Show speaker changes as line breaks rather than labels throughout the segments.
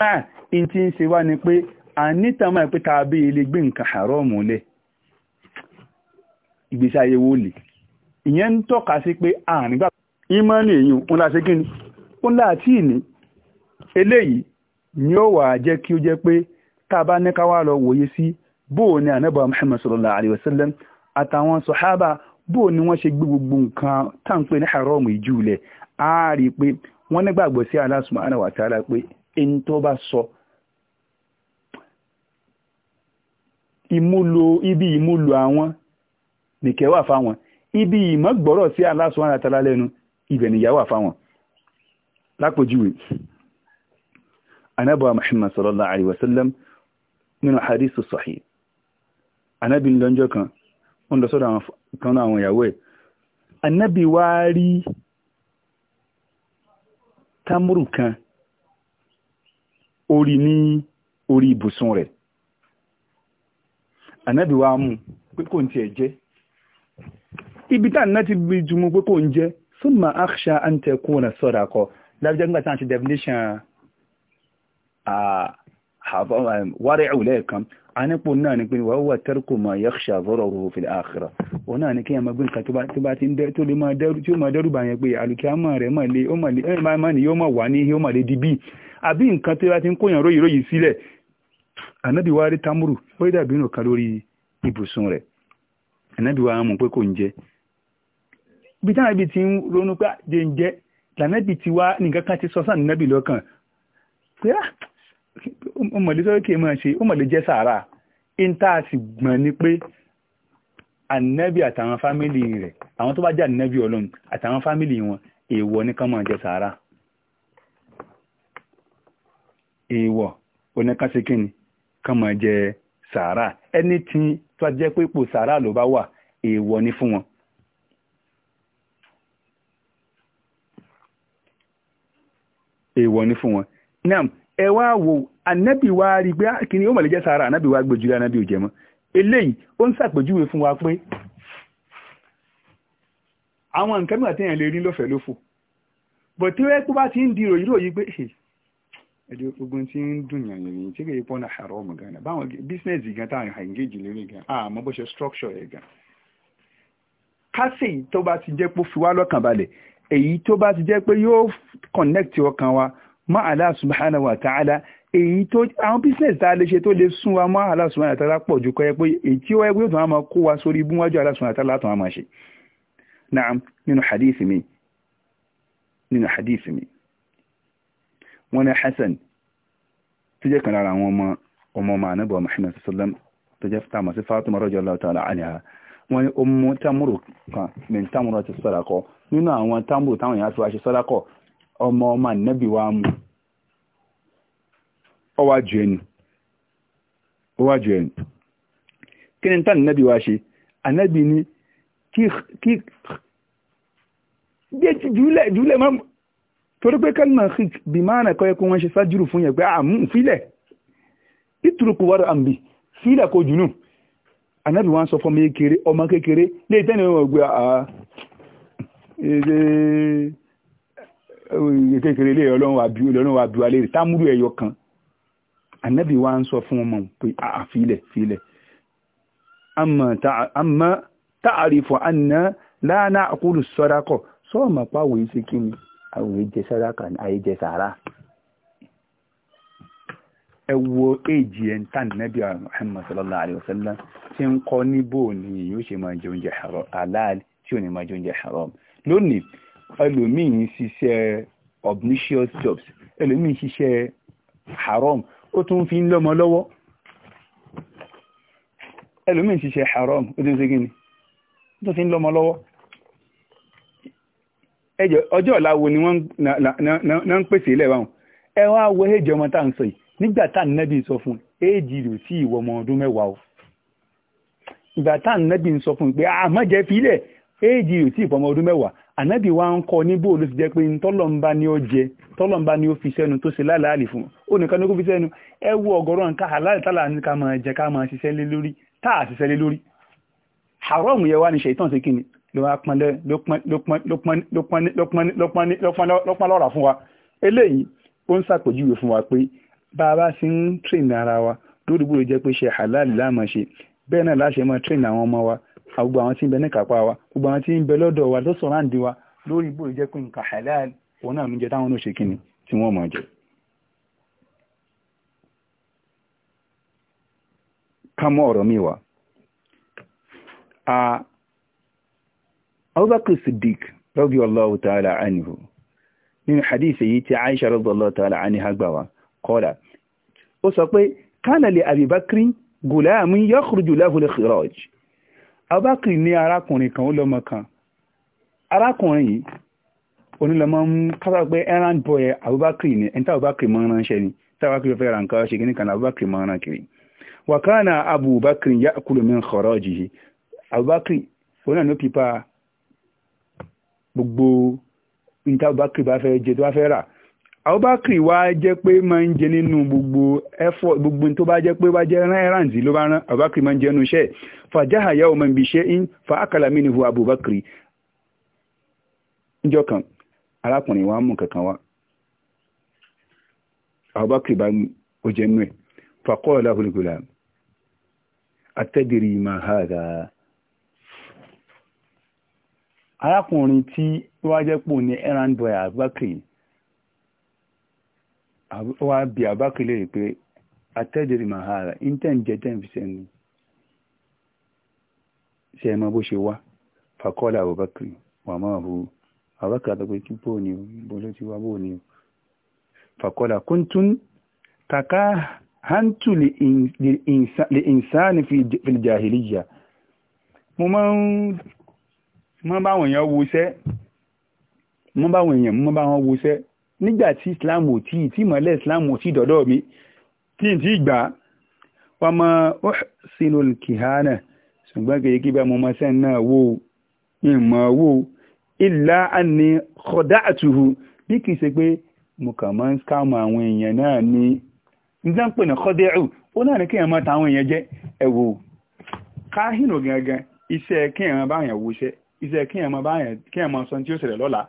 náà ah, in ti ń ṣe wá ni pé a nítàmà pé tàbí ilé gbé nǹkan haramu lẹ̀ ìgbésí ayé wo lè ìyẹn ń tọ́ka sí pé àárín gbà ń kí ni ó láti ìní eléyìí ni ó ni sallallahu alayhi wa sallam àtàwọn sọ̀hábà bóò ni wọ́n ṣe gbé gbogbo nǹkan táǹpé ní haramu a rí i wọ́n nígbàgbọ́ sí in tó bá sọ ìmúlò ibi ìmúlò àwọn nìkẹ́ wà fáwọn ibi ìmọ̀gbọ́rọ̀ sí Allah subhanahu wa ta'ala lẹ́nu ibẹ̀ nìyà wà fáwọn lápòjúwe anábọ̀ Muhammad sallallahu alaihi wasallam nínú hadithu sahih anábì lọ́jọ́ kan wọ́n lọ sọ́dọ̀ kan àwọn ìyàwó ẹ̀ anábì wá rí tamuru kan ó rí ní orí ibùsùn rẹ̀ ànábì wa mú pé kò ń tiẹ̀ jẹ́ ibi tá àná ti bí jùmọ̀ pé kò ń jẹ́ súnmọ́ àṣà àǹtẹ̀kùnà sọ̀rọ̀ àkọ́ lábíjẹ́ nígbà tí wọ́n ti definition wárẹ̀ẹ́wù lẹ́ẹ̀kan a nípò náà ni pé wọ́n wà tẹ́rkù ma yakhsha zọ́rọ̀rù fi àkìrà wọ́n náà ni máa dẹ́rù àbí nǹkan tó bá ti ń kóyàn ròyìn ròyìn sílẹ̀ ànábì wa rí támúrù ó rí dàbí nǹkan lórí ibùsùn rẹ̀ ànábì wa mọ̀ pé kò ń jẹ bí táwọn ibi ti ń ronú pé àjẹ ah, ń jẹ lànàbì ti wá nǹkan kan ti sọ sáà nínábì lọ́kàn pé ó mọ̀lẹ́ sọ́wọ́ kí n máa ṣe ó mọ̀lẹ́ jẹ́ sàárà íńtà sì gbọ̀n ni pé ànábì àtàwọn fámìlì rẹ̀ àwọn tó bá jẹ́ ànábì ọlọ́run àtàwọn fámìlì wọn èèwọ̀ ní kán máa jẹ sàárà. èèwọ̀ onye kàn kama jẹ sàárà ẹni tí tó a pé ipò sàárà ló bá wà èèwọ̀ ni fún wọn. èèwọ̀ ni fún wọn. nam ẹ wá wo anabi wa rí i pé ah, kí sàárà anabi wa gbójú anabi ò jẹ mọ́ eléyìí fún wa pé àwọn nǹkan mìíràn téèyàn lè rí lọ́fẹ̀ẹ́ lófò bọ̀ tí bá ti ń di ròyìn ẹjọ́ ogun ti n dùn yàn yẹn yìí tí kò yẹ na náà àrọ́ ọmọ gan-an báwọn gan táwọn engage lérí gan àmọ́ bó ṣe structure gan. kásì ti jẹ́ pé fi wá lọ́kàn balẹ̀ èyí ti jẹ́ pé yóò connect ọkàn wa mọ́ wa ta'ala èyí tó àwọn bísínẹ́sì tá a lè ṣe tó lè sún wa mọ́ Allah subhanahu pọ̀ ju pé èyí tí ó yẹ máa wọ́n ní Hasan tó jẹ́ kan lára àwọn ọmọ ọmọ ọmọ ànábọ̀ Muhammad sallam tó jẹ́ tàmà sí Fatima radiyallahu ta'ala anha wọ́n ní ọmọ tamuru kan min tamuru ti sọ́dakọ̀ nínú àwọn tamuru táwọn èèyàn ti wá ṣe sọ́dakọ̀ ọmọ ọmọ ànábì mú ọwá ẹni kí ni tán ànábì ṣe ànábì ni kí jẹ́ jùlẹ̀ jùlẹ̀ torí pé kẹ́lìmọ̀ hik bí máa nà kọ́ yẹ kó wọ́n ṣe sájúrù fún yẹn pé àmú ah, fílẹ̀ ìtùrùkù wọ́rọ̀ àmì fílẹ̀ kò jùnú anábì wọn sọ fọmọ kékeré ọmọ kékeré lè tẹ́lẹ̀ wọn gbé ààrẹ ah, eh, kékeré lè ọlọ́run àbí ọlọ́run àbí wa lè rí támúrú ẹ̀yọ kan anábì wọn sọ fún ọmọ pé àà ah, fílẹ̀ fílẹ̀ àmọ́ táàrífọ̀ àná lánàá àkúrú sọ́dákọ̀ sọ́ọ̀mọ̀ pàwọ̀ ìṣe kí ni àwọn èyí jẹ sàráà kan àyè jẹ sàráà ẹ wo éèjì ẹ̀ ń tàn nẹ́bí Muhammad sallallahu alayhi wa sallam tí ń kọ́ ní bò ní yóò ṣe máa jẹ oúnjẹ halal tí ò ní máa jẹ oúnjẹ haram lónìí ẹlòmíì ń ṣiṣẹ́ jobs ẹlòmíì ń ṣiṣẹ́ haram ó tún fi ń lọ́mọ lọ́wọ́ ẹlòmíì ń ṣiṣẹ́ haram ó tún ṣe kí ni ó tún fi ń lọ́mọ lọ́wọ́ ẹjọ ọjọ́ ọ̀la wo ni na ń pèsè ilẹ̀ wa hàn ẹ wá wọ éèjì ọmọ tá à ń sọ yìí nígbà tá à ń nẹ́bí sọ fún éèjì rò sí ìwọ ọmọ ọdún mẹ́wàá o ìgbà tá à ń nẹ́bí sọ fún pé àmọ́jẹ́ fílẹ̀ éèjì rò sí ìfọmọ ọdún mẹ́wàá ànábì wa ń kọ níbò ló ti jẹ́ pé tọ́lọ́mbá ni ó jẹ tọ́lọ́mbá ni ó fi sẹ́nu tó ṣe láàlì fún ó nìkan ló kó fi sẹ́nu ẹ wo ọ̀gọ̀rọ̀ nǹkan àláàlì tálà ní ká máa jẹ ká máa ṣiṣẹ́ lé lórí tá à ṣiṣẹ́ lé lórí haram yẹ wá ní ṣètàn sí kíni ló wá pọnlẹ́ ló pọn lọ́ra fún wa eléyìí ó ń ṣàpèjúwe fún wa pé bá a bá ti ń tírìn ara wa lórí gbòòrò jẹ́ pé ṣe halal láàmú ṣe bẹ́ẹ̀ náà láṣẹ máa tírìn àwọn ọmọ wa gbogbo àwọn tí ń bẹ ní kápá wa gbogbo àwọn tí ń bẹ lọ́dọ̀ wa tó sọ̀rọ̀ àǹdí wa lórí gbòòrò jẹ́ pé nǹkan halal òun náà ló jẹ táwọn náà ṣe kíni tí wọ́n mọ̀ jẹ. ká mú ọ̀rọ̀ mi wá abubakar siddiq radiyallahu ta'ala anhu nínú hadith èyí tí aisha radiyallahu ta'ala anha gbà wá kọ́lá ó sọ pé kana li abubakar gulamun yakhruju lahu al-khiraj abubakar ní arákùnrin kan ó lọ́mọ kan arákùnrin yìí onílọ́mọ ń kápá pé errand boy abubakar ni ẹni tí abubakar mọ́ ránṣẹ́ ni tí abubakar fẹ́ ra nǹkan ṣe kí ní kan abubakar mọ́ rán kiri wàkánà abubakar ya'kulu min kharajihi abubakar onílọ́mọ pípa gbogbo níta Abubakar bá fẹ́ jẹ tó bá fẹ́ rà Abubakar wá jẹ́ pé máa ń jẹ nínú gbogbo ẹ̀fọ́ gbogbo tó bá jẹ́ pé wá jẹ́ rẹ́ráǹtì ló bá rán Abubakar máa ń jẹ́ nínú iṣẹ́ fàjáhà yà ọmọ ibi iṣẹ́ ń fa àkàlà mi nìhu Abubakar níjọ́ kan arákùnrin wa mú kankan wá Abubakar bá ó jẹ́ nínú ẹ̀ fàkọ́ ọ̀làhùn ìgbòlá àtẹ́dìrì máa hà dáa arákùnrin tí wá jẹ́ pò ní errand boy abakiri wá bí abakiri lè pé atẹ́dẹ̀rì mahara intan jẹ́ ten percent ni ṣe ẹ̀mọ́ bó ṣe wá fàkọ́lá abakiri wà máa hu abakiri àtọ́gbé kí bó ni bó ló ti wá bó ni fàkọ́lá kúntún kàkà hantu lè insani fi jahiliya mo máa ń mọ́ báwọn èèyàn wuṣẹ́ mọ́ báwọn èèyàn mọ́ báwọn wuṣẹ́ nígbà tí islam ò tí tí ìmọ̀lẹ̀ islam ò tí dọ̀dọ̀ mi tí n tí gbà wọ́n mọ ó sínú kìhánà ṣùgbọ́n kìí kí bá mo mọ sẹ́ni náà wò ó ìmọ̀ wò ó ìlà àní kọ̀dá àtùhù bí kìí ṣe pé mo kàn máa ń skáàmù àwọn èèyàn náà ní nígbà pé ní kọ́dẹ́rù ó náà ní kéèyàn máa ta àwọn èèyàn jẹ́ ẹ̀wò káhìnà gangan iṣẹ́ kéèyàn báyàn wúṣẹ́ ise kéèyàn mọ báyẹn kéèyàn mọ sọ tí ó ṣẹlẹ̀ lọ́la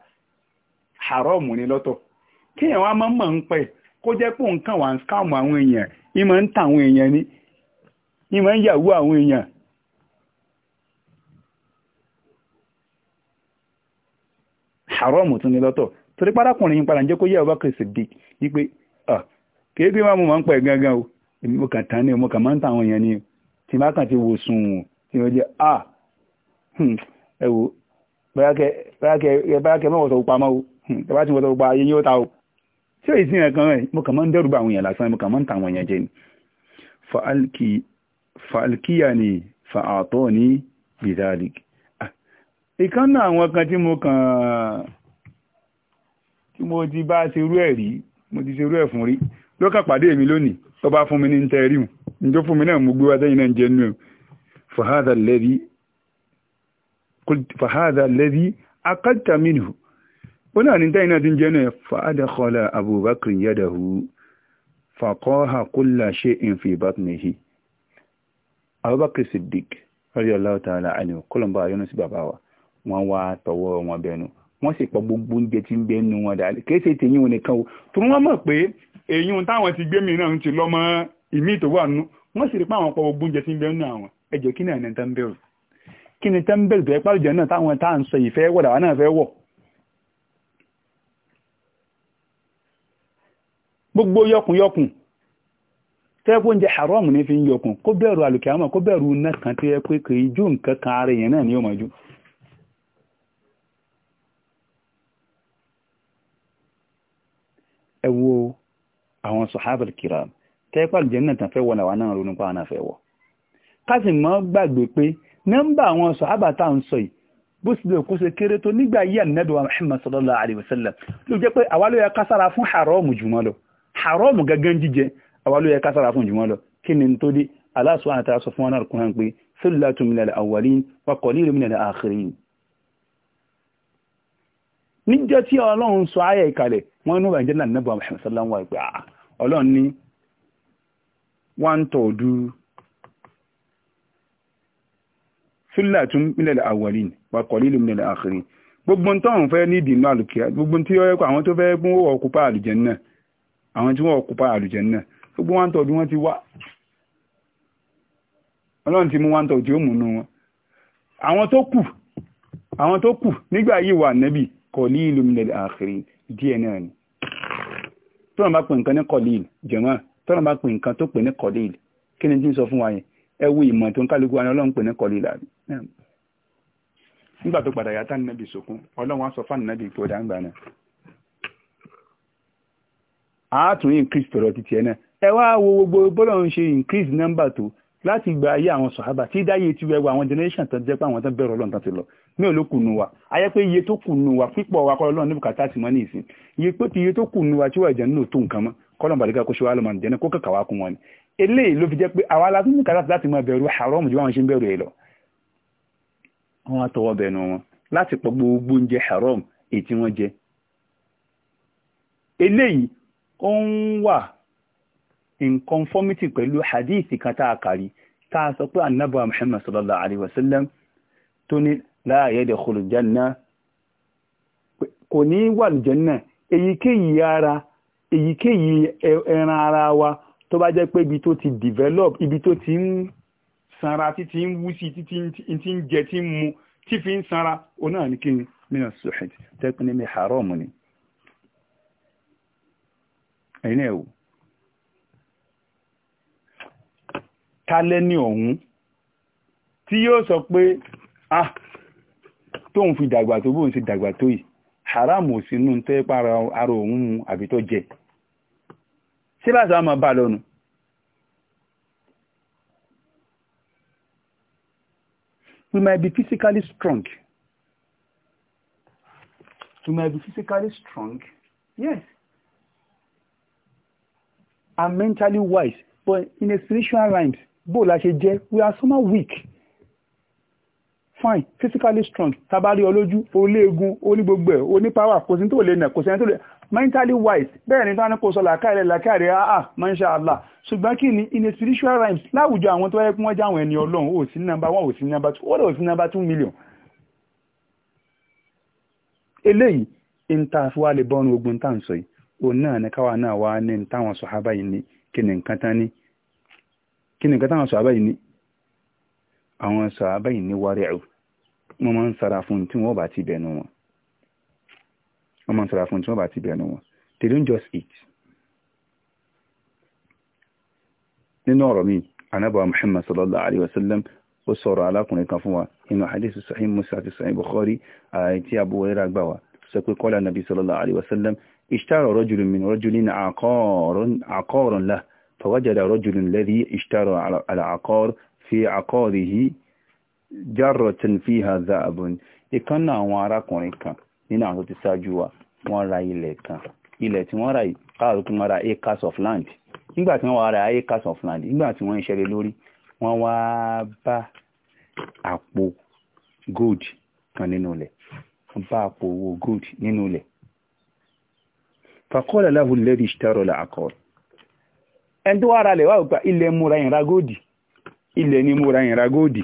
haram ni lọ́tọ̀ kéèyàn wá máa ń mọ̀ ń pẹ kó jẹ́ pé nǹkan wà ń scam àwọn èèyàn ìmọ̀ ń àwọn èèyàn ni ìmọ̀ ń yàwó àwọn èèyàn. haram tún ni torí yín padà ń kó yẹ ọba wípé máa o èmi mo kàn tán ni mo kàn máa ń àwọn èèyàn ni tí bá kàn ti wò sùn tí ah ẹ wò bóyá kẹ mọ́ wọ́sọ̀ pamọ́ o hmm, tẹ bá wọ́sọ̀ pa ayé yóò ta o tí èyí sí yẹn rẹ̀ mo kàn máa ń dẹ́rù bá àwọn èèyàn lásán mo kàn máa ń ta àwọn èèyàn jẹ ni fa'alkiya ni fa'atọ́ ni bidalik ah, ìkan náà àwọn kan tí mo kàn tí mo ti bá ṣe rú ẹ̀ rí mo ti ṣe rú ẹ̀ fún rí lọ́kà pàdé mi lónìí tó bá fún mi ní tẹ́rí mu níjọ́ fún mi náà mo gbé wá sẹ́yìn náà jẹ́ nú fàhádà lẹ́bí akátàmínú ó náà ní táyínà tí ń jẹ́ náà fàádàkọ́lá abubakar yadahu fàkọ́hà kúlà ṣe in fi batnihi abubakar siddiq radiyallahu ta'ala anhu kọlọmbà yọ́nà sí bàbá wa wọ́n wá tọwọ́ wọn bẹnu wọ́n sì pa gbogbo oúnjẹ tí ń bẹ nu wọn dàlẹ́ kéèsè tèyí wọn nìkan o tó wọ́n mọ̀ pé èyí táwọn ti gbé mi náà ń ti lọ́mọ ìmí ìtòwọ́ àánú wọ́n sì rí pé àwọn pa gbogbo oúnjẹ tí ń bẹ àwọn ẹ̀jẹ̀ kí náà ní ta ń bẹ̀rù kí ni tẹ́ḿbẹ̀lì tó yẹ pé àlùjànnà táwọn tá à ń sọ yìí fẹ́ wọ̀ làwọn náà fẹ́ wọ̀. gbogbo yọkùnyọkùn tẹ́kù oúnjẹ haram ní fi ń yọkùn kó bẹ̀rù àlùkìyámà kó bẹ̀rù iná kan tó yẹ pé kì í jó nǹkan kan ara èèyàn náà ní ọmọ jù. ẹ àwọn sọ̀hábàl kiram nọ́mbà àwọn sàhábà tá à ń sọ yìí bó sì lè kó ṣe kéré tó nígbà yíyà nẹ́bí wa Muhammad sallallahu alayhi wa sallam ló jẹ́ pé àwa ló yẹ ká sára fún haram jùmọ́ lọ haram gangan jíjẹ àwa ló yẹ ká sára fún jùmọ́ lọ kí ni tó dé Allah subhanahu wa fún wọn náà kúrán pé sullatu minal awwalin wa qalilun minal akhirin níjọ́ tí ọlọ́run sọ ayé ìkàlẹ̀ wọ́n ní ìjẹ́ náà nẹ́bí wa Muhammad sallallahu alayhi wa sallam wà pé ah, ọlọ́run ní wọ́n ń tọ̀ọ́dú sílẹ̀ tún mílẹ̀ àwọ̀lì wà kọ̀lílù mílẹ̀ àkìrí gbogbo tó ń fẹ́ ní ìdìnnú àlùkìá gbogbo tí ó yẹ kó àwọn tó fẹ́ gún wọ́n ọkùpá àlùjànnà àwọn tí wọ́n ọkùpá àlùjànnà gbogbo wọn tọ̀ bí wọ́n ti wá ọlọ́run ti mú wọn tọ̀ tí ó múnú wọn àwọn tó kù àwọn tó kù nígbà yìí wà nẹ́bì kọ̀lílù mílẹ̀ àkìrí díẹ̀ náà ni tọ́nà bá pè nǹkan ní kọ̀lílù jẹ̀mọ́ tọ́nà bá pè nǹkan tó pè ní kọ̀lílù kí ni tí ń sọ fún wa yẹn ẹwú ìmọ̀ tó ń kálukú wa ni ọlọ́run pè ní kọlílà nígbà tó padà yàtá nínú ibi ìsòkun ọlọ́run á sọ fáànù náà bí ipò dáńgbà náà àátún increase tọ̀rọ̀ títí ẹ̀ náà ẹ wá wo gbogbo bọ́lọ̀ ń ṣe increase number tó láti gba ayé àwọn sọ̀hábà tí dáyé ti wẹ̀wọ̀ àwọn generation tán jẹ́ pé àwọn tán bẹ̀rù ọlọ́run tán ti lọ ní olókùn nu wa ayé pé iye tó kù nu wa pípọ̀ wa kọ́ ọlọ́run ní bùkátà sí mọ́ ní iye pé iye tó kù wa tí wọ́n ìjẹun náà tó nǹkan mọ́ kọ́lọ́n bàdígà kó ṣe wá lọ́mọ ìjẹun kó kàkà wá kún wọn ni eléyìí ló fi jẹ́ pé àwa la tún ní kàtàkì láti máa bẹ̀rù haram ju àwọn ṣe ń bẹ̀rù ẹ̀ lọ wọ́n á tọwọ́ bẹnu wọn láti pọ̀ gbogbo oúnjẹ haram èyí tí wọ́n jẹ eléyìí ó ń wà in conformity pẹ̀lú hadith kan tá a kàrí tá a sọ pé annabawa muhammad sallallahu alaihi wasallam tó ní la yadkhulu janna kò ní wà lùjẹ́ èyíkéyìí ara èyíkéyìí ẹran ara wa tó bá jẹ́ pé ibi tó ti develop ibi tó ti ń sanra títí ń wú sí títí ń jẹ tí ń mu tí fi ń sanra òun náà ní kí n mìíràn sùhìd tẹ́kùn ní mi haram ni ẹ̀yìn ẹ̀wò tálẹ́ni ọ̀hún tí yóò sọ pé ah tóun fi dàgbà tó bóun ṣe dàgbà tó yìí haram ò sínú tẹ́ pàrọ̀ ara òun àbí tó jẹ sí bá sàmà bá lónù we might be physically strong we might be physically strong yes and mentally wise but in a spiritual realm bó la ṣe jẹ́ we are somehow weak fine physically strong tabari olójú oléegun onígbogbo ẹ̀ onípáwà kò sí tó lè nà kò sí ẹni tó lè mentally wise bẹ́ẹ̀ ni tán kò sọ làkàrẹ̀ làkàrẹ̀ àà ah, ah, masha Allah ṣùgbọ́n kí ni in a spiritual rhymes láwùjọ àwọn tó yẹ kí wọ́n já àwọn ẹni ọlọ́run ò sí number one ò sí number two ó ò sí number two million. eléyìí ń ta fún wa lè bọ́nu ogun tá à ń sọ yìí òun náà ni káwa náà wá ní táwọn sọ̀hábà yìí ní kí ni nǹkan tán ní kí ni nǹkan táwọn sọ̀hábà yìí ní àwọn sọ̀hábà yìí ní wárí wọ́n máa ń sara fún tí wọ́n bá ti bẹ̀nu wọn wọ́n máa ń sọ̀rọ̀ fún tí wọ́n bá ti bẹ̀rù wọn they don't just eat. nínú ọ̀rọ̀ mi anábọ̀ muhammad sallallahu alayhi wa sallam ó sọ̀rọ̀ alákùnrin kan fún wa inú hadithu sahih musa àti sahih bukhari àti abu hurairah gbà wá sọ pé kọ́lá nabi sallallahu alayhi wa sallam ishtara rajulun min rajulin aqaran lahu فوجد رجل الذي اشترى على عقار في عقاره جرة فيها ذهب ìkan náà àwọn arákùnrin kan nínú àwọn tó ti ṣáájú wa wọ́n ra ilẹ̀ kan ilẹ̀ tí wọ́n ra káàró kí wọ́n ra acres of land nígbà tí wọ́n wá ra acres of land nígbà tí wọ́n ń ṣẹlẹ̀ lórí wọ́n wá bá àpò gold kan nínú ilẹ̀ wọ́n bá àpò owó gold nínú ilẹ̀ fàkọ́lẹ̀ láhùn lẹ́rì ìṣtẹ́rọ̀ làkọ́ ẹni tó wá ra ilẹ̀ wá gba ilẹ̀ múra ìrìnra góòdì ilẹ̀ ní múra ìrìnra góòdì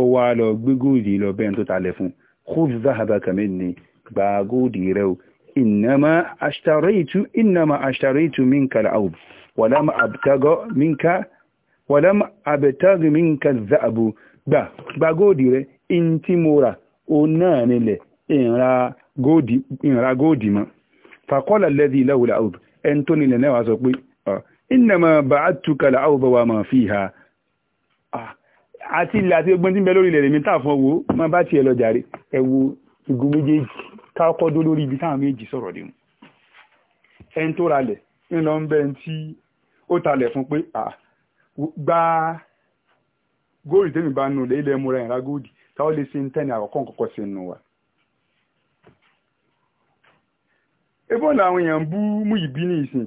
ó wá lọ gbé góòdì lọ bẹ́ẹ̀ tó talẹ̀ fún kó zahaba kàmí ni gba góòdì rẹ o ìnàmà àṣtàrẹ́ìtù ìnàmà àṣtàrẹ́ìtù minka al-awd wàlámà àbẹ̀tàgì minka zaabu gbà gbà góòdì rẹ̀ in tí mo rà ó náà nílẹ̀ ìnra góòdì mọ́ fàkọ́lá lẹ́dí ìlàwòlà àwùd ẹn tó nílẹ̀ náà wá sọ pé ìnàmà ba'atuka al-awd wa ma fiha àti ilẹ̀ àti ogbọ́n tí ń bẹ lórí ilẹ̀ rẹ̀ mi owó má bá tiẹ̀ lọ jàre ẹ igun méjèèjì kákọ́ dó lórí ibi táwọn méjì sọ̀rọ̀ dé wọn ẹni tó ralẹ̀ ńlọ ń bẹ́ẹ̀ tí ó talẹ̀ fún pé gba góòlù tèmi bá nù lé ilẹ̀ múra ìrà góòlù táwọn lè ṣe ń tẹ́ni àkọ́kọ́ kọ́kọ́ sí nù wa. ebó làwọn èèyàn ń bú mú ìbí ní ìsìn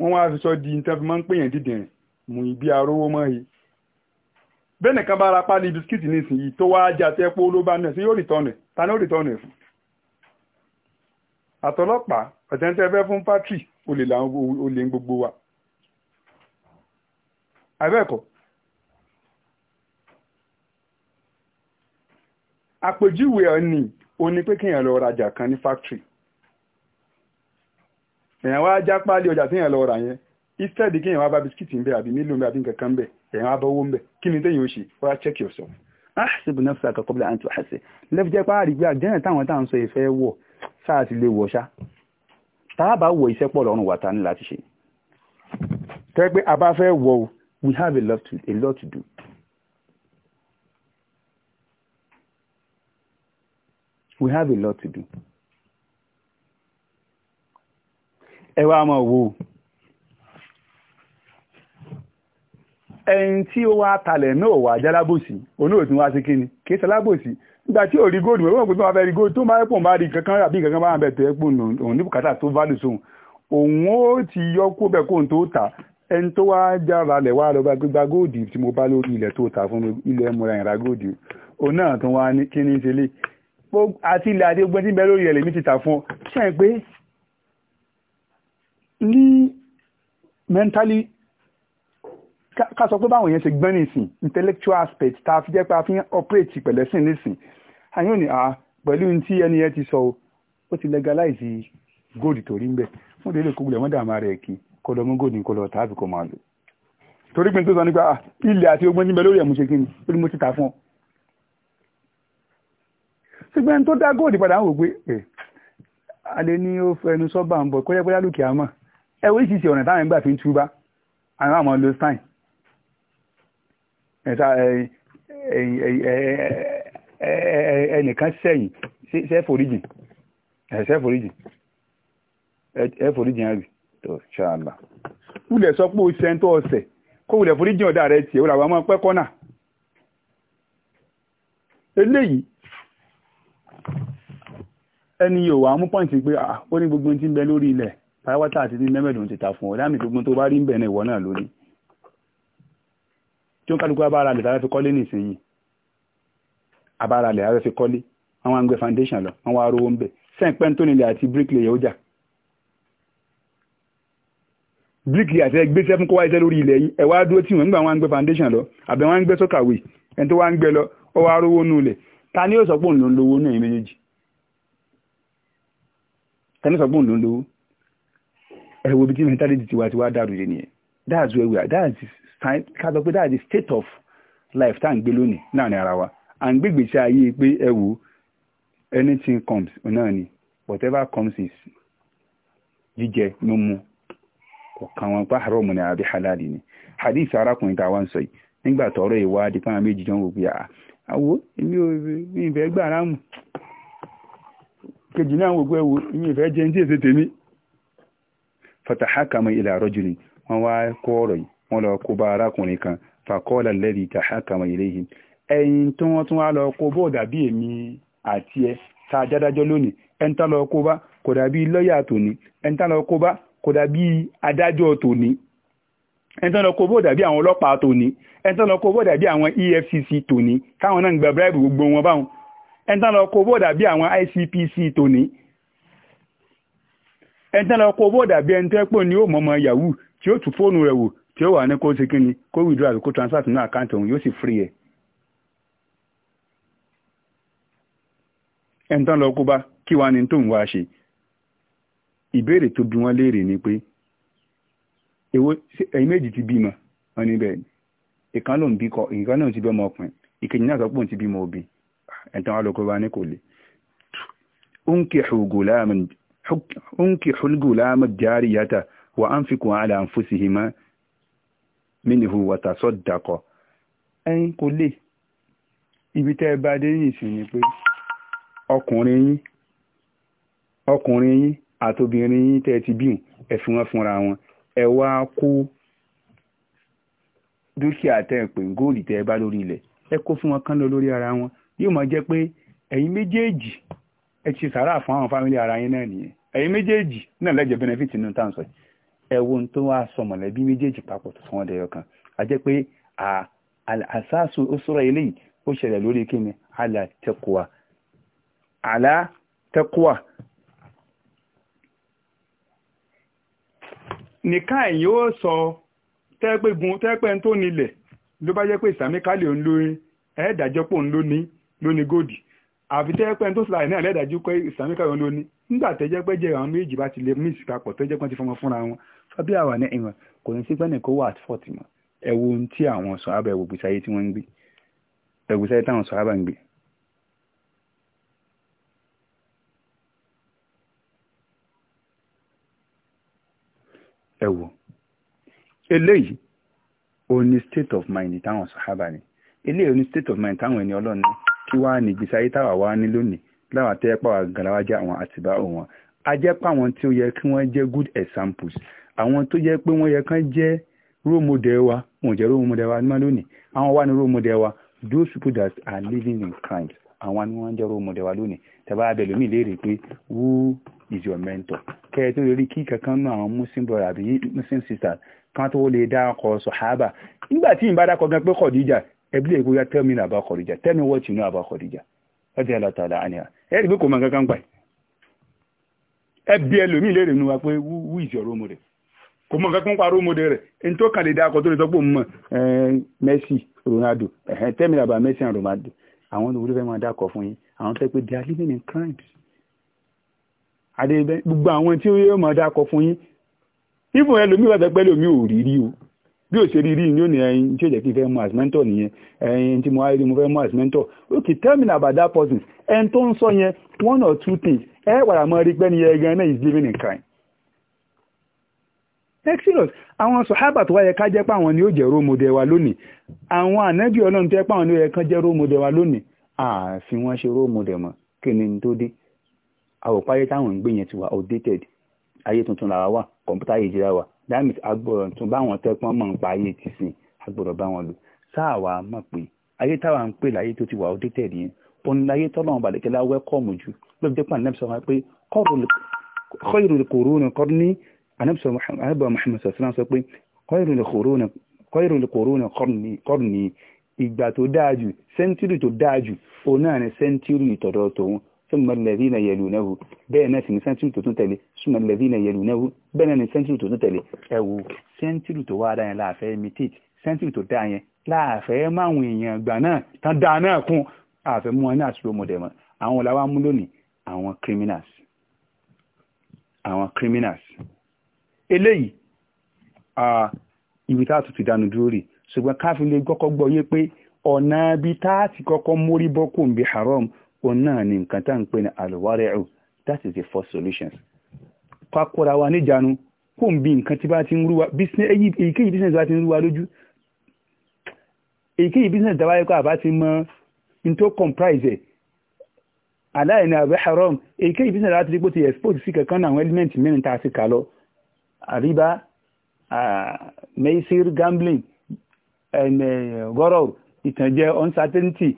wọ́n wá fi di nǹkan máa ń pè yàn dídìn rìn mú ìbí arówó mọ́ yìí bẹ́ẹ̀ nìkan bá ra páálí bisikíìtì ní ìsìn yìí tó wá ajá tẹ́pọ̀ ló bá nẹ̀ sí yóò rìtọ́nù ta ni ó rìtọ́nù ẹ̀ fún àtọlọ́pàá àtẹ̀ntẹ́ fẹ́ fún pátì olè làwọn olè ń gbogbo wa abẹ́ẹ̀kọ́ àpèjúwe ọ̀nì o ní pé kíyàn lọ rajà kan ní factory èyàn wá já páálí ọjà tíyàn lọ rà yẹn instead kíyàn wá bá bisikíìtì ńbẹ àbí mílò ńbẹ àbí nǹkan ńbẹ èyàn wá bọ́wọ́ ńbẹ kí ni téyàn ó ṣe wá check yourself. ah ṣe bùnà fún àkọ́kọ́ bí i àǹtí wàhásẹ̀ lẹ́fù jẹ́ pàárí gbé àjẹ́yàn táwọn táwọn sọ ìfẹ́ wọ̀ sáà ti lè wọ̀ ṣá tàbá wọ iṣẹ́ pọ̀ lọ́rùn wà tání láti ṣe tẹ́ pé a bá fẹ́ wọ we have a lot to, a lot to do we have a lot to do ẹ wá máa wo ẹni tí ó wá talẹ̀ náà wà jálábòsí olóòtú wá sí kíni kí sálábòsí nígbà tí ò rí góòdù mọ̀ wọ́n pè fún abẹ́rí góòdù tó máa ń pọ̀ máa rí kankan àbí kankan máa ń bẹ̀ tẹ́ pò òun ní bùkátà tó válù sóhun òun ó ti yọ kó bẹ̀ kóhun tó tà ẹni tó wá jára lẹ̀ wá lọ bá gbígba góòdù tí mo bá lórí ilẹ̀ tó tà fún mi ilẹ̀ mo ra ìra góòdù òun náà tó wá ní kí ní ṣe àti ilẹ̀ àti ogbẹ́ tí ń bẹ lórí ẹ̀lẹ́mí ti tà fún ọ é pé ní mentally ká sọ pé báwọn yẹn ṣe gbọ́n nìsín intellectual aspect tá a fi jẹ́ pé a fi ń operate pẹ̀lẹ́sìn nìsín àyàn ni à pẹ̀lú ní tí ẹni yẹn ti sọ ó ti legalize gold torí ń bẹ̀ fún délé kó gbọ́dọ̀ mọ́dà máa rẹ̀ kí kó lọ mú gold ní kó lọ tàbí kó máa lò torí pé n tó sọ nípa ilẹ̀ àti ogbọ́n níbẹ̀ lórí ẹ̀mú kí ni ó ní mo ti ta fún ọ. ṣùgbọ́n tó dá gold padà ń wò pé ẹ̀ eh, alẹ́ ní ó fẹnu sọ́bà ń bọ̀ kọ́yẹ́kọ́yá lókè àmọ́ ẹ̀ oríṣiríṣi ọ̀nà ẹnìkan sẹ́yìn sẹ́fòríjì sẹ́fòríjì ẹ̀fòríjì hàn rí tó ṣáàlà wúlẹ̀ sọ pé o ṣe ń tó ọ̀sẹ̀ kó wúlẹ̀ foríjì ọ̀dà rẹ tiẹ̀ wúlẹ̀ àwọn ọmọ pẹ́ kọ́nà eléyìí ẹni yóò wá mú pọ́ǹtì pé ó ní gbogbo ti ń bẹ lórí ilẹ̀ pàápàá àti ní mẹ́mẹ́dùn ti ta fún ọ dáàmì gbogbo tó bá rí ń bẹ̀ náà ìwọ náà lórí tí ó ń kálukú abára lè tàbí fi kọ́lé nìsinyìí abára lè tàbí fi kọ́lé àwọn àgbẹ̀ foundation lọ àwọn arówó ń bẹ̀ sẹ́ǹpẹ́ tó nílẹ̀ àti bricklayer ó jà bricklayer àti ẹgbẹ́ sẹ́fún kó wáyé sẹ́ lórí ilẹ̀ yìí ẹ̀wá dúró tí wọ́n ń gbà àwọn àgbẹ̀ foundation lọ àbẹ̀ wọ́n ń gbẹ́ sọ́kàwé ẹni tó wá ń gbẹ lọ ó wá arówó nù lẹ̀ ta ni yóò sọ pé òun ló ń lówó náà méjèèjì ta ni sọ pé òun ló ń lówó ẹ̀wọ̀ tí that's where we are that's ká sọ pé that is the state of life tá à ń gbé lónìí náà ní ara wa à ń gbégbé ayé pé ẹ wò anything comes náà ni whatever comes is jíjẹ mímu ọ̀kan wọn pa àárọ̀ mọ̀nà àbí halali ni hadith arákùnrin tá a wá ń sọ yìí nígbà tọrọ ìwádìí pàmò méjì jọ wò pé ah, àwo èmi ò ìfẹ́ gbà ráàmù kejì náà wò wọ́n lọ kó bá arákùnrin kan fàkọ́ọ̀lá lẹ́bi tàhákàmọ̀ ìléyìí ẹ̀yìn tí wọ́n tún wá lọ kó bó dàbí èmi àti ẹ tá a jádájọ́ lónìí ẹni tá lọ kó bá kò dàbí lọ́ọ̀yà tòní ẹni tá lọ kó bá kò dàbí adájọ́ tòní ẹni tó lọ kó bó dàbí àwọn ọlọ́pàá tòní ẹni tó lọ kó bó dàbí àwọn EFCC tòní káwọn náà ń gba bíráìbù gbogbo wọn báwọn ẹni tó lọ kó bó dàbí àwọn ICPC tòní ẹni tó lọ kó bó dàbí ẹni tó ẹpọ̀ ní ó mọ̀mọ́ yahoo tí ó tú fóònù rẹ̀ wò tí ó wà ní kó ṣe kíni kó withdraw àbí kó transfer sínú àkáǹtì òun yóò sì free ẹ̀. ẹni tán lọ kó bá kí wàá ní tó ń wá ṣe ìbéèrè tó bí wọ́n léèrè ni pé èwo ẹ̀yin méjì ti bímọ wọn níbẹ̀ ìkan lòun bí kọ ìkan náà ti bí ọmọ ọkùnrin ìkejì náà sọ pé òun ti bímọ obì ẹni tán wàá lọ kó bá ní kò le. unkihu al-gulama al-jariyata wa anfiqu ala anfusihima mínìhù wàtàsọ́ dàkọ̀ ẹ̀yin kò lè ibi tẹ́ ẹ bá dé nìsín ni pé ọkùnrin yín ọkùnrin yín àtobìnrin yín tẹ́ ẹ ti bíhùn ẹ fi wọ́n fúnra wọn ẹ wá kó dúkìá tẹ́ ẹ pè ń góòlì tẹ́ ẹ bá lórí ilẹ̀ ẹ kó fún wọn kán lọ lórí ara wọn yóò máa jẹ́ pé ẹ̀yin méjèèjì ẹ ti sàárà fún àwọn fámìlì ara yín náà nìyẹn ẹ̀yin méjèèjì náà lẹ́jọ́ benefit nínú táǹsọ̀ yìí ẹ̀wọ̀n tó wá sọ mọ̀lẹ́bí méjèèjì papọ̀ tó sọ wọ́n dẹ̀yọ kan a jẹ́ pé àṣàṣù ó sọ̀rọ̀ eléyìí ó ṣẹlẹ̀ lórí kíni àlà tẹ́kùwà àlà tẹ́kùwà nìkan ẹ̀yìn ó sọ tẹ́gbẹ̀gùn tẹ́pẹ́ tó nílẹ̀ ló bá jẹ́ pé ìsàmíkálẹ̀ òun lóyún ẹ̀ẹ́dàjọ́pọ̀ òun lóní lóní góòdì àfi tẹ́ pẹ́ tó sàlàyé náà lẹ́dàájú pé ìsàmì káwọn ló ní nígbà tẹ́jẹ́ pé jẹ́ àwọn méjì bá ti lè mí ìsìkapọ̀ tẹ́jẹ́ pé ti fọmọ fúnra wọn fábí àwà ní ìwọ̀n kò ní sí pẹ́ẹ́nì kó wà àti fọ́ọ̀tì mọ́ ẹ wo ohun tí àwọn sọ abẹ ẹwò gbèsè tí wọ́n ń gbé ẹwò gbèsè táwọn sọ abẹ ń gbé. ẹ wò eléyìí òní state of mind táwọn sọ abẹ ni eléyìí òní state of mind táwọn ẹni ọlọ́run kí wàá ní ìgbésí ayé táwa wá ní lónìí láwọn tẹ́ pàwọ́ gàláwá jẹ́ àwọn àtìbá wọn a jẹ́ pé àwọn tí ó yẹ kí wọ́n jẹ́ good examples àwọn tó yẹ pé wọ́n yẹ kán jẹ́ role model wa wọn jẹ́ role model wa nímọ̀ lónìí àwọn wà ní role model wa those people that are living in crime àwọn ni wọ́n jẹ́ role model wa lónìí tàbá abẹ lómi léèrè pé who is your mentor kẹ́ẹ̀ tó lórí kí kankan nú àwọn muslim brother àbí muslim sister kan tó lè dá ọkọ̀ sọ̀hábà nígbà tí ìbá gan pé Khadija ẹbílẹ̀ ìgbóyà tell me about Khadija tell me what you know about Khadija ẹbí alátàlá àníyà ẹ̀rí pé kò mọ̀ kankan gbà ẹbí ẹlòmíì lè rìn wá pé is your ọ̀rọ̀ ọmọdé kò mọ̀ kankan pa ọmọdé rẹ̀ ní tó kàn lè dá akọ tó lè sọ pé òun mọ̀ Messi Ronaldo tell me about Messi and Ronaldo àwọn olùfẹ́ máa dákọ̀ fún yín àwọn fẹ́ pé they are living in crimes àdébẹ́ gbogbo àwọn tí ó yẹ máa dákọ̀ fún yín ìfún ẹlòmíì wà pẹ́ lómi ò rí rí o bí ò ṣe rí rí yóò ní ẹyin tí ó jẹ́ kí fẹ́ mú as mentor nìyẹn ẹyin tí mo wá rí mo fẹ́ mú as mentor okay tell me about that person ẹni tó ń sọ yẹn one or two things ẹ wàrà mọ́ rí pẹ́ ní ẹgbẹ́ náà is living in crime. excellent àwọn sọ̀hábà tó wáyẹ ká jẹ́ pé àwọn ni ó jẹ́ role model wa lónìí àwọn ànábì ọlọ́run tó yẹ pé àwọn ni ó yẹ kán jẹ́ role model wa lónìí àfi wọ́n ṣe role model mọ́ kí ni tó dé àwòpáyé táwọn ń gbé yẹn ti wà outdated ayé tuntun làwa wà kọ̀ǹpútà yìí jìra wà dámìtì agbọ̀rọ̀ tún báwọn tẹ́pọ́n mọ̀ ń pa ayé ti sìn agbọ̀rọ̀ bá wọn lò sáà wàá mọ̀ pé ayé táwa ń pè láyé tó ti wà ó dé tẹ̀lé yẹn oníláyé tọ́lọ́run bàdẹ̀kẹ́lá wẹ́kọ̀mù jù lóbi jẹ́pọ̀ ànábì sọ pé khairul quruni qarni ànábì Muhammad sọ̀sán sọ pé khairul quruni qarni ìgbà tó dáa jù sẹ́ńtírì tó dáa jù òun náà ni sẹ́ńtírì ìtọ̀dọ̀ tòun ثم الذين يلونه بين في سنتري تو تتلي ثم الذين يلونه بين سنتري تو تتلي ewu سنتري tó wà da yẹn la fẹ́ imitate sẹ́ńtìrì tó dáa yẹn láàfẹ́ máwọn èèyàn gbà náà tán dáa náà kún àfẹ́ mú wọn ní àṣírò mọ̀dẹ̀ mọ́ àwọn làwa mú lónìí àwọn criminals àwọn criminals eléyìí ibi tá a tún ti dánu dúró rè ṣùgbọ́n káfí lè gbọ́kọ́ gbọ́ yé pé ọ̀nà ibi tá a ti kọ́kọ́ mórí bọ́kùn bí haram òun náà ni nǹkan tá à ń pè ní alwari'u that is the first solution kakura wa níjànú kò ń bi nǹkan tí bá ti ń rúwa èyíkéyìí business bá ti ń rúwa lójú èyíkéyìí business dábàá yẹ kó àbá ti mọ into comprise ẹ̀ aláì ní àbẹ́ haram èyíkéyìí business láti rí pé ti expose sí kankan náà àwọn element mẹ́rin tá a ti kà lọ àríbá maysir gambling gọ́rọ̀ ìtànjẹ uncertainty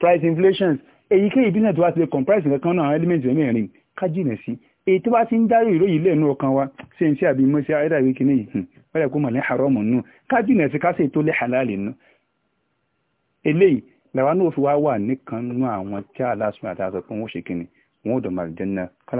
price inflation èyíkéyìí business tó bá ti lè comprise kankan náà àwọn element mẹ́rin ká jìnà sí èyí tó bá ti ń dárí ìròyìn lẹ́nu ọkàn wa ṣe ń ṣe àbí mọ́ sí ayédà ìwé kìíní yìí wọ́n hmm, lè kó mọ̀ ní haram nù ká jìnà sí ká sì tó lè halal nù. eléyìí làwa náà fi wá wà nìkan nú àwọn tí aláṣùn àti aṣọ pé wọ́n ṣe kìíní wọ́n ò dọ̀mọ̀ àlùjẹ́ náà kálá